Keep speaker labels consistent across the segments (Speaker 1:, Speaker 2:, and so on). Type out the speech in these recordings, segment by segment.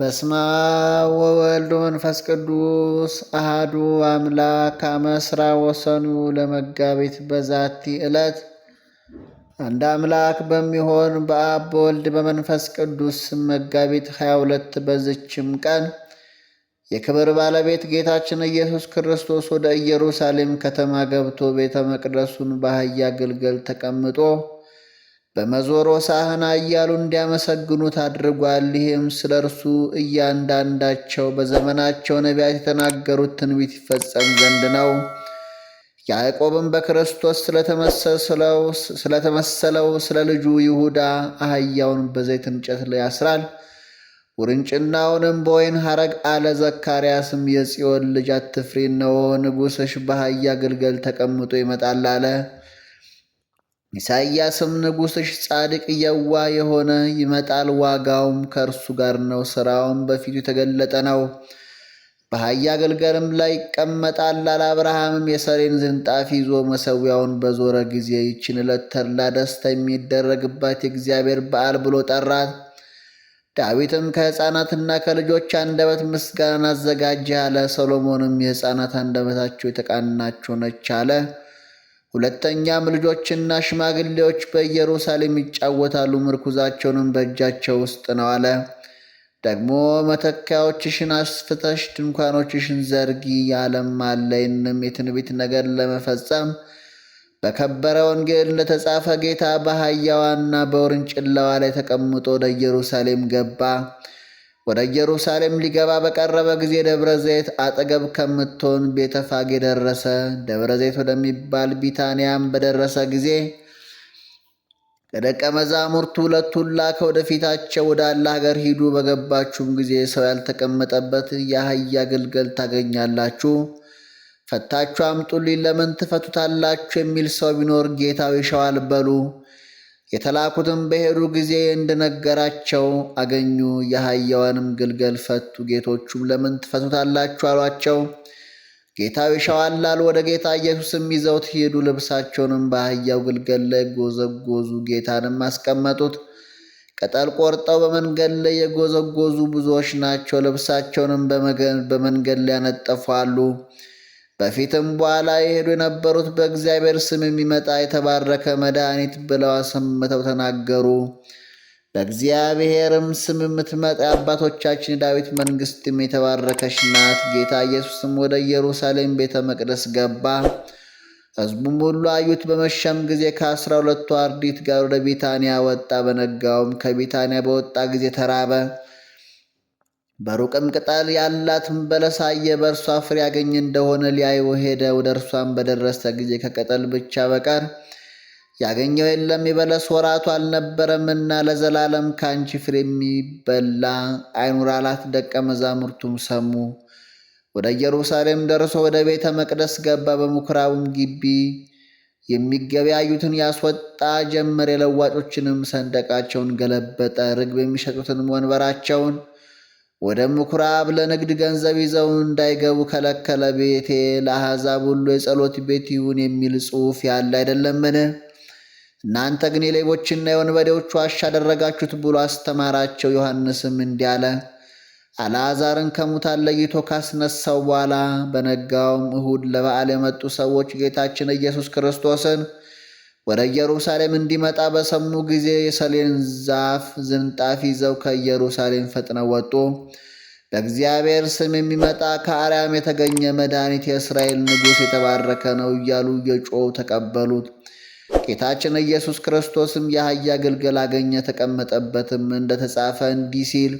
Speaker 1: በስመ አብ ወወልድ ወመንፈስ ቅዱስ አህዱ አምላክ አመስራ ወሰኑ ለመጋቢት በዛቲ ዕለት አንድ አምላክ በሚሆን በአብ በወልድ በመንፈስ ቅዱስ መጋቢት 22 በዝችም ቀን የክብር ባለቤት ጌታችን ኢየሱስ ክርስቶስ ወደ ኢየሩሳሌም ከተማ ገብቶ ቤተ መቅደሱን በአህያ ግልገል ተቀምጦ በመዞሮ ሳህና እያሉ እንዲያመሰግኑት አድርጓል። ይህም ስለ እርሱ እያንዳንዳቸው በዘመናቸው ነቢያት የተናገሩት ትንቢት ይፈጸም ዘንድ ነው። ያዕቆብም በክርስቶስ ስለተመሰለው ስለ ልጁ ይሁዳ አህያውን በዘይት እንጨት ላይ ያስራል፣ ውርንጭናውንም በወይን ሐረግ አለ። ዘካርያስም የጽዮን ልጅ አትፍሪ፣ እነሆ ንጉሥሽ በአህያ ግልገል ተቀምጦ ይመጣል አለ። ኢሳይያስም ንጉሥሽ ጻድቅ የዋ የሆነ ይመጣል፣ ዋጋውም ከእርሱ ጋር ነው፣ ሥራውም በፊቱ የተገለጠ ነው። በአህያ ግልገልም ላይ ይቀመጣል አለ። አብርሃምም የሰሬን ዝንጣፊ ይዞ መሠዊያውን በዞረ ጊዜ ይችን ዕለት ተድላ ደስታ የሚደረግባት የእግዚአብሔር በዓል ብሎ ጠራት። ዳዊትም ከሕፃናትና ከልጆች አንደበት ምስጋናን አዘጋጀ አለ። ሰሎሞንም የሕፃናት አንደበታቸው የተቃናቸው ነች አለ። ሁለተኛም ልጆችና ሽማግሌዎች በኢየሩሳሌም ይጫወታሉ፣ ምርኩዛቸውንም በእጃቸው ውስጥ ነው አለ። ደግሞ መተካዮችሽን አስፍተሽ ድንኳኖችሽን ዘርጊ፣ አለ። አለይንም የትንቢት ነገር ለመፈጸም በከበረ ወንጌል እንደተጻፈ ጌታ በአህያዋና በውርንጭላዋ ላይ ተቀምጦ ወደ ኢየሩሳሌም ገባ። ወደ ኢየሩሳሌም ሊገባ በቀረበ ጊዜ ደብረ ዘይት አጠገብ ከምትሆን ቤተፋጌ ደረሰ። ደብረ ዘይት ወደሚባል ቢታንያም በደረሰ ጊዜ ከደቀ መዛሙርቱ ሁለቱን ላከ። ወደፊታቸው ወዳለ ሀገር ሂዱ፣ በገባችሁም ጊዜ ሰው ያልተቀመጠበት የአህያ ግልገል ታገኛላችሁ፣ ፈታችሁ አምጡልኝ። ለምን ትፈቱታላችሁ? የሚል ሰው ቢኖር ጌታው ይሸዋል በሉ የተላኩትም በሄዱ ጊዜ እንደነገራቸው አገኙ። የአህያዋንም ግልገል ፈቱ። ጌቶቹም ለምን ትፈቱታላችሁ አሏቸው። ጌታው ይሻዋል ወደ ጌታ ኢየሱስም ይዘውት ሄዱ። ልብሳቸውንም በአህያው ግልገል ላይ ጎዘጎዙ፣ ጌታንም አስቀመጡት። ቅጠል ቆርጠው በመንገድ ላይ የጎዘጎዙ ብዙዎች ናቸው። ልብሳቸውንም በመንገድ ላይ ያነጠፉ አሉ። በፊትም በኋላ የሄዱ የነበሩት በእግዚአብሔር ስም የሚመጣ የተባረከ መድኃኒት ብለው አሰምተው ተናገሩ። በእግዚአብሔርም ስም የምትመጣ የአባቶቻችን የዳዊት መንግስትም የተባረከች ናት። ጌታ ኢየሱስም ወደ ኢየሩሳሌም ቤተ መቅደስ ገባ። ሕዝቡም ሁሉ አዩት። በመሸም ጊዜ ከአስራ ሁለቱ አርዲት ጋር ወደ ቢታንያ ወጣ። በነጋውም ከቢታንያ በወጣ ጊዜ ተራበ። በሩቅም ቅጠል ያላትም በለሳየ በእርሷ ፍሬ ያገኝ እንደሆነ ሊያየው ሄደ። ወደ እርሷም በደረሰ ጊዜ ከቅጠል ብቻ በቀር ያገኘው የለም፣ የበለስ ወራቱ አልነበረምና ለዘላለም ከአንቺ ፍሬ የሚበላ አይኑር አላት። ደቀ መዛሙርቱም ሰሙ። ወደ ኢየሩሳሌም ደርሶ ወደ ቤተ መቅደስ ገባ። በምኩራቡም ግቢ የሚገበያዩትን ያስወጣ ጀመር። የለዋጮችንም ሰንደቃቸውን ገለበጠ፣ ርግብ የሚሸጡትንም ወንበራቸውን ወደ ምኩራብ ለንግድ ገንዘብ ይዘው እንዳይገቡ ከለከለ። ቤቴ ለአሕዛብ ሁሉ የጸሎት ቤት ይሁን የሚል ጽሑፍ ያለ አይደለምን? እናንተ ግን የሌቦችና የወንበዴዎች ዋሻ አደረጋችሁት ብሎ አስተማራቸው። ዮሐንስም እንዲህ አለ። አልዓዛርን ከሙታን ለይቶ ካስነሳው በኋላ በነጋውም እሁድ ለበዓል የመጡ ሰዎች ጌታችን ኢየሱስ ክርስቶስን ወደ ኢየሩሳሌም እንዲመጣ በሰሙ ጊዜ የሰሌን ዛፍ ዝንጣፍ ይዘው ከኢየሩሳሌም ፈጥነው ወጡ። በእግዚአብሔር ስም የሚመጣ ከአርያም የተገኘ መድኃኒት የእስራኤል ንጉሥ የተባረከ ነው እያሉ የጮው ተቀበሉት። ጌታችን ኢየሱስ ክርስቶስም የአህያ ግልገል አገኘ፣ ተቀመጠበትም። እንደተጻፈ ተጻፈ እንዲህ ሲል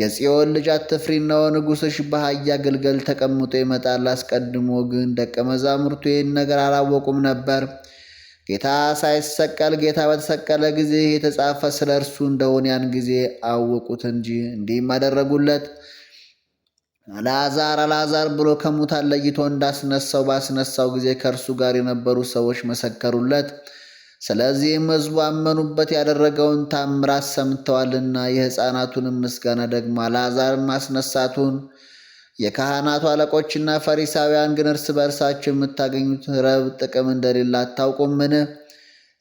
Speaker 1: የጽዮን ልጅ አትፍሪ፣ እነሆ ንጉሥሽ በአህያ ግልገል ተቀምጦ ይመጣል። አስቀድሞ ግን ደቀ መዛሙርቱ ይህን ነገር አላወቁም ነበር። ጌታ ሳይሰቀል ጌታ በተሰቀለ ጊዜ የተጻፈ ስለ እርሱ እንደሆነ ያን ጊዜ አወቁት እንጂ እንዲህም አደረጉለት። አልዓዛር አልዓዛር ብሎ ከሙታን ለይቶ እንዳስነሳው ባስነሳው ጊዜ ከእርሱ ጋር የነበሩ ሰዎች መሰከሩለት። ስለዚህም ሕዝቡ አመኑበት። ያደረገውን ታምራት ሰምተዋልና የሕፃናቱንም ምስጋና ደግሞ አልዓዛርን ማስነሳቱን የካህናቱ አለቆችና ፈሪሳውያን ግን እርስ በእርሳቸው የምታገኙት ረብ ጥቅም እንደሌለ አታውቁምን?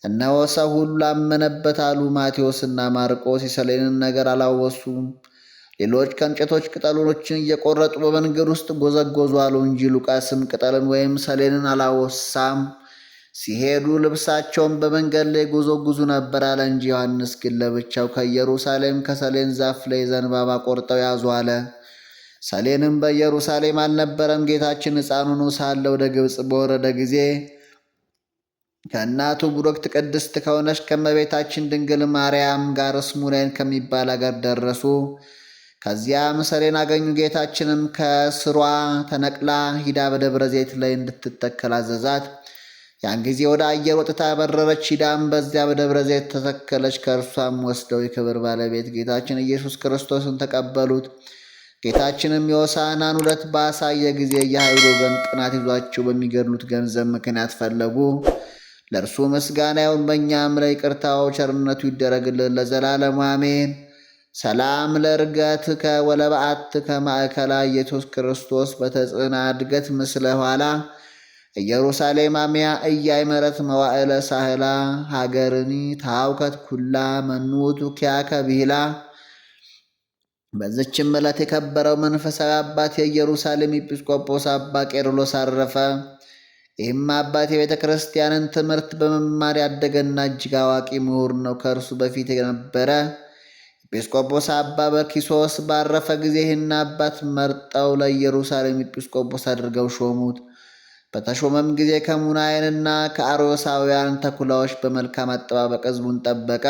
Speaker 1: እነሆ ሰው ሁሉ ላመነበት አሉ። ማቴዎስና ማርቆስ የሰሌንን ነገር አላወሱም። ሌሎች ከእንጨቶች ቅጠሎችን እየቆረጡ በመንገድ ውስጥ ጎዘጎዙ አሉ እንጂ ሉቃስም ቅጠልን ወይም ሰሌንን አላወሳም። ሲሄዱ ልብሳቸውን በመንገድ ላይ ጎዘጉዙ ነበር አለ እንጂ ዮሐንስ ግን ለብቻው ከኢየሩሳሌም ከሰሌን ዛፍ ላይ ዘንባባ ቆርጠው ያዙ አለ። ሰሌንም በኢየሩሳሌም አልነበረም። ጌታችን ሕፃን ሳለ ወደ ግብፅ በወረደ ጊዜ ከእናቱ ቡሩክት ቅድስት ከሆነች ከመቤታችን ድንግል ማርያም ጋር ስሙናይን ከሚባል አገር ደረሱ። ከዚያም ሰሌን አገኙ። ጌታችንም ከስሯ ተነቅላ ሂዳ በደብረ ዘይት ላይ እንድትተከል አዘዛት። ያን ጊዜ ወደ አየር ወጥታ በረረች። ሂዳም በዚያ በደብረ ዘይት ተተከለች። ከእርሷም ወስደው የክብር ባለቤት ጌታችን ኢየሱስ ክርስቶስን ተቀበሉት። ጌታችንም የሆሳዕናን ውለት ባሳየ ጊዜ የኃይል ወገን ጥናት ይዟቸው በሚገድሉት ገንዘብ ምክንያት ፈለጉ። ለእርሱ ምስጋና ይሁን፣ በእኛም ላይ ይቅርታው ቸርነቱ ይደረግልን ለዘላለሙ አሜን። ሰላም ለእርገት ከወለበአት ከማእከላ ኢየሱስ ክርስቶስ በተጽዕና እድገት ምስለ ኋላ ኢየሩሳሌም አሚያ እያይ መረት መዋዕለ ሳህላ ሀገርኒ ታውከት ኩላ መኑቱ ኪያከ ብሂላ በዚችም ዕለት የከበረው መንፈሳዊ አባት የኢየሩሳሌም ኤጲስቆጶስ አባ ቄርሎስ አረፈ። ይህም አባት የቤተ ክርስቲያንን ትምህርት በመማር ያደገና እጅግ አዋቂ ምሁር ነው። ከእርሱ በፊት የነበረ ኤጲስቆጶስ አባ በኪሶስ ባረፈ ጊዜ ይህን አባት መርጠው ለኢየሩሳሌም ኤጲስቆጶስ አድርገው ሾሙት። በተሾመም ጊዜ ከሙናይንና ከአሮሳውያን ተኩላዎች በመልካም አጠባበቅ ሕዝቡን ጠበቀ።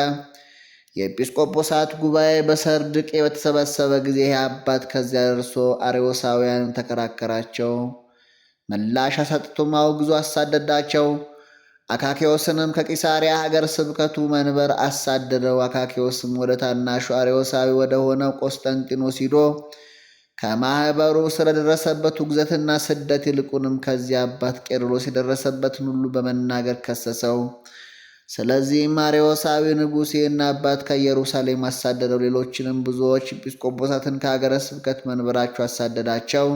Speaker 1: የኤጲስቆጶሳት ጉባኤ በሰርድቄ በተሰበሰበ ጊዜ ይህ አባት ከዚያ ደርሶ አሬዎሳውያንን ተከራከራቸው። ምላሽ አሰጥቶም አውግዞ አሳደዳቸው። አካኪዎስንም ከቂሳሪያ ሀገር ስብከቱ መንበር አሳደደው። አካኪዎስም ወደ ታናሹ አሬዎሳዊ ወደ ሆነው ቆስጠንጢኖስ ሂዶ ከማኅበሩ ስለደረሰበት ውግዘትና ስደት ይልቁንም ከዚያ አባት ቄርሎስ የደረሰበትን ሁሉ በመናገር ከሰሰው። ስለዚህ ማሪዎሳዊ ንጉሥ ይህን አባት ከኢየሩሳሌም አሳደደው። ሌሎችንም ብዙዎች ኤጲስቆጶሳትን ከአገረ ስብከት መንበራቸው አሳደዳቸው።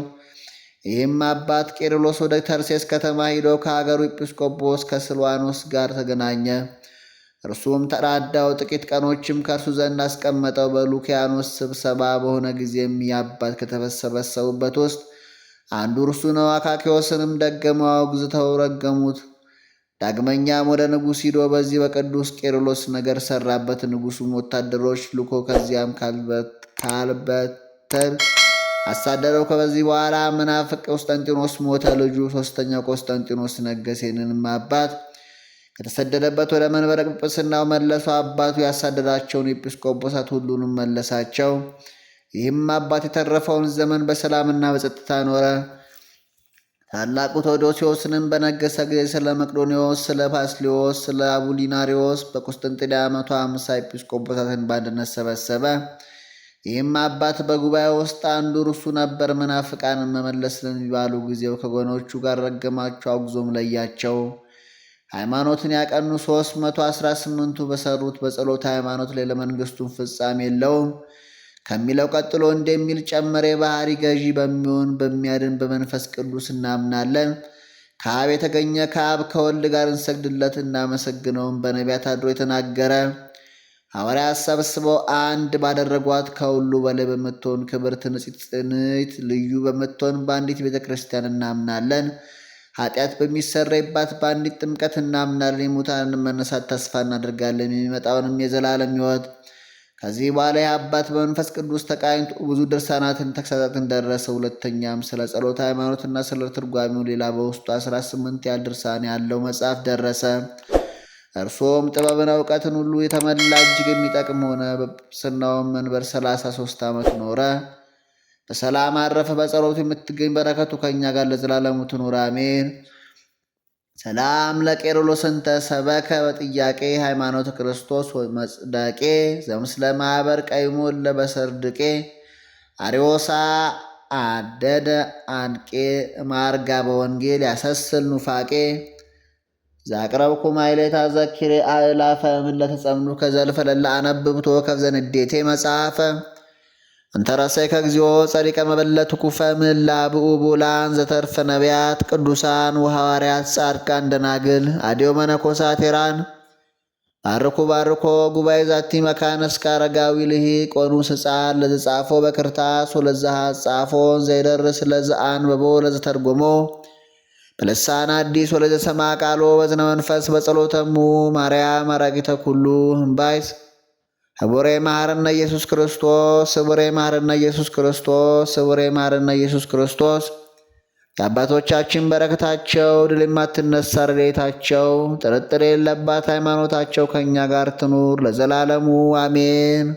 Speaker 1: ይህም አባት ቄርሎስ ወደ ተርሴስ ከተማ ሂዶ ከአገሩ ኤጲስቆጶስ ከስልዋኖስ ጋር ተገናኘ። እርሱም ተራዳው። ጥቂት ቀኖችም ከእርሱ ዘንድ አስቀመጠው። በሉኪያኖስ ስብሰባ በሆነ ጊዜም ያባት ከተሰበሰቡበት ውስጥ አንዱ እርሱ ነው። አካኪዎስንም ደገመው፣ አውግዝተው ረገሙት። ዳግመኛም ወደ ንጉሥ ሂዶ በዚህ በቅዱስ ቄርሎስ ነገር ሰራበት። ንጉሱም ወታደሮች ልኮ ከዚያም ካልበተር አሳደረው። ከበዚህ በኋላ መናፍቅ ቆስጠንጢኖስ ሞተ። ልጁ ሶስተኛው ቆስጠንጢኖስ ነገሰ። አባት ከተሰደደበት ወደ መንበረ ጵጵስናው መለሰው። አባቱ ያሳደዳቸውን ኤጲስቆጶሳት ሁሉንም መለሳቸው። ይህም አባት የተረፈውን ዘመን በሰላምና በጸጥታ ኖረ። ታላቁ ቴዎዶሲዎስንም በነገሰ ጊዜ ስለ መቅዶኒዎስ፣ ስለ ፓስሊዎስ፣ ስለ አቡሊናሪዎስ በቁስጥንጥንያ መቶ አምሳ ኤጲስቆጶሳትን በአንድነት ሰበሰበ። ይህም አባት በጉባኤ ውስጥ አንዱ እርሱ ነበር። መናፍቃንን መመለስ ለሚባሉ ጊዜው ከጎኖቹ ጋር ረገማቸው፣ አውግዞም ለያቸው። ሃይማኖትን ያቀኑ ሶስት መቶ አስራ ስምንቱ በሰሩት በጸሎት ሃይማኖት ላይ ለመንግስቱን ፍጻሜ የለውም። ከሚለው ቀጥሎ እንደሚል ጨመረ የባህሪ ገዢ በሚሆን በሚያድን በመንፈስ ቅዱስ እናምናለን። ከአብ የተገኘ ከአብ ከወልድ ጋር እንሰግድለት እናመሰግነውን በነቢያት አድሮ የተናገረ ሐዋርያት ሰብስበው አንድ ባደረጓት ከሁሉ በላይ በምትሆን ክብርት ንጽሕት ጽንዕት ልዩ በምትሆን በአንዲት ቤተ ክርስቲያን እናምናለን። ኃጢአት በሚሰረይባት በአንዲት ጥምቀት እናምናለን። የሙታንን መነሳት ተስፋ እናደርጋለን። የሚመጣውንም የዘላለም ሕይወት ከዚህ በኋላ የአባት በመንፈስ ቅዱስ ተቃኝቶ ብዙ ድርሳናትን ተግሳጻትን ደረሰ። ሁለተኛም ስለ ጸሎት ሃይማኖትና ስለ ትርጓሚው ሌላ በውስጡ 18 ያህል ድርሳን ያለው መጽሐፍ ደረሰ። እርሶም ጥበብን እውቀትን ሁሉ የተመላ እጅግ የሚጠቅም ሆነ። በጵጵስናውም መንበር 33 ዓመት ኖረ። በሰላም አረፈ። በጸሎቱ የምትገኝ በረከቱ ከእኛ ጋር ለዘላለሙ ትኑር አሜን። ሰላም ለቄርሎስንተ ሰበከ በጥያቄ ሃይማኖት ክርስቶስ መጽደቄ ዘምስለ ማኅበር ቀይሙን ለበሰርድቄ አሪዮሳ አደደ አንቄ ማርጋ በወንጌል ያሰስል ኑፋቄ ዛቅረብኩ ማይሌታ ዘኪሬ አእላፈ ምን ለተጸምኑ ከዘልፈ ለላ አነብብቶ ከብዘንዴቴ መጽሐፈ እንተ ረሰይከ እግዚኦ ጸሪቀ መበለት ኩፈ ምህላ ብኡ ብኡላን ዘተርፈ ነቢያት ቅዱሳን ወሐዋርያት ጻድቃን ደናግል አዲዮ መነኮሳት ቴራን ባርኩ ባርኮ ጉባኤ ዛቲ መካነ እስከ አረጋዊ ልሂቅ ወኑስ ሕፃን ለዘጻፎ በክርታስ ወለዛሃ ጻፎን ዘይደርስ በቦ ለዘተርጎሞ በልሳን አዲስ ወለዘሰማ ቃሎ በዝነ መንፈስ በጸሎተሙ ማርያም አራቂተ ኩሉ እምባይስ ህቡረ መሐረነ ኢየሱስ ክርስቶስ ህቡረ መሐረነ ኢየሱስ ክርስቶስ ህቡረ መሐረነ ኢየሱስ ክርስቶስ። የአባቶቻችን በረከታቸው ድል የማትነሳ ረድኤታቸው ጥርጥር የሌለባት ሃይማኖታቸው ከእኛ ጋር ትኑር ለዘላለሙ አሜን።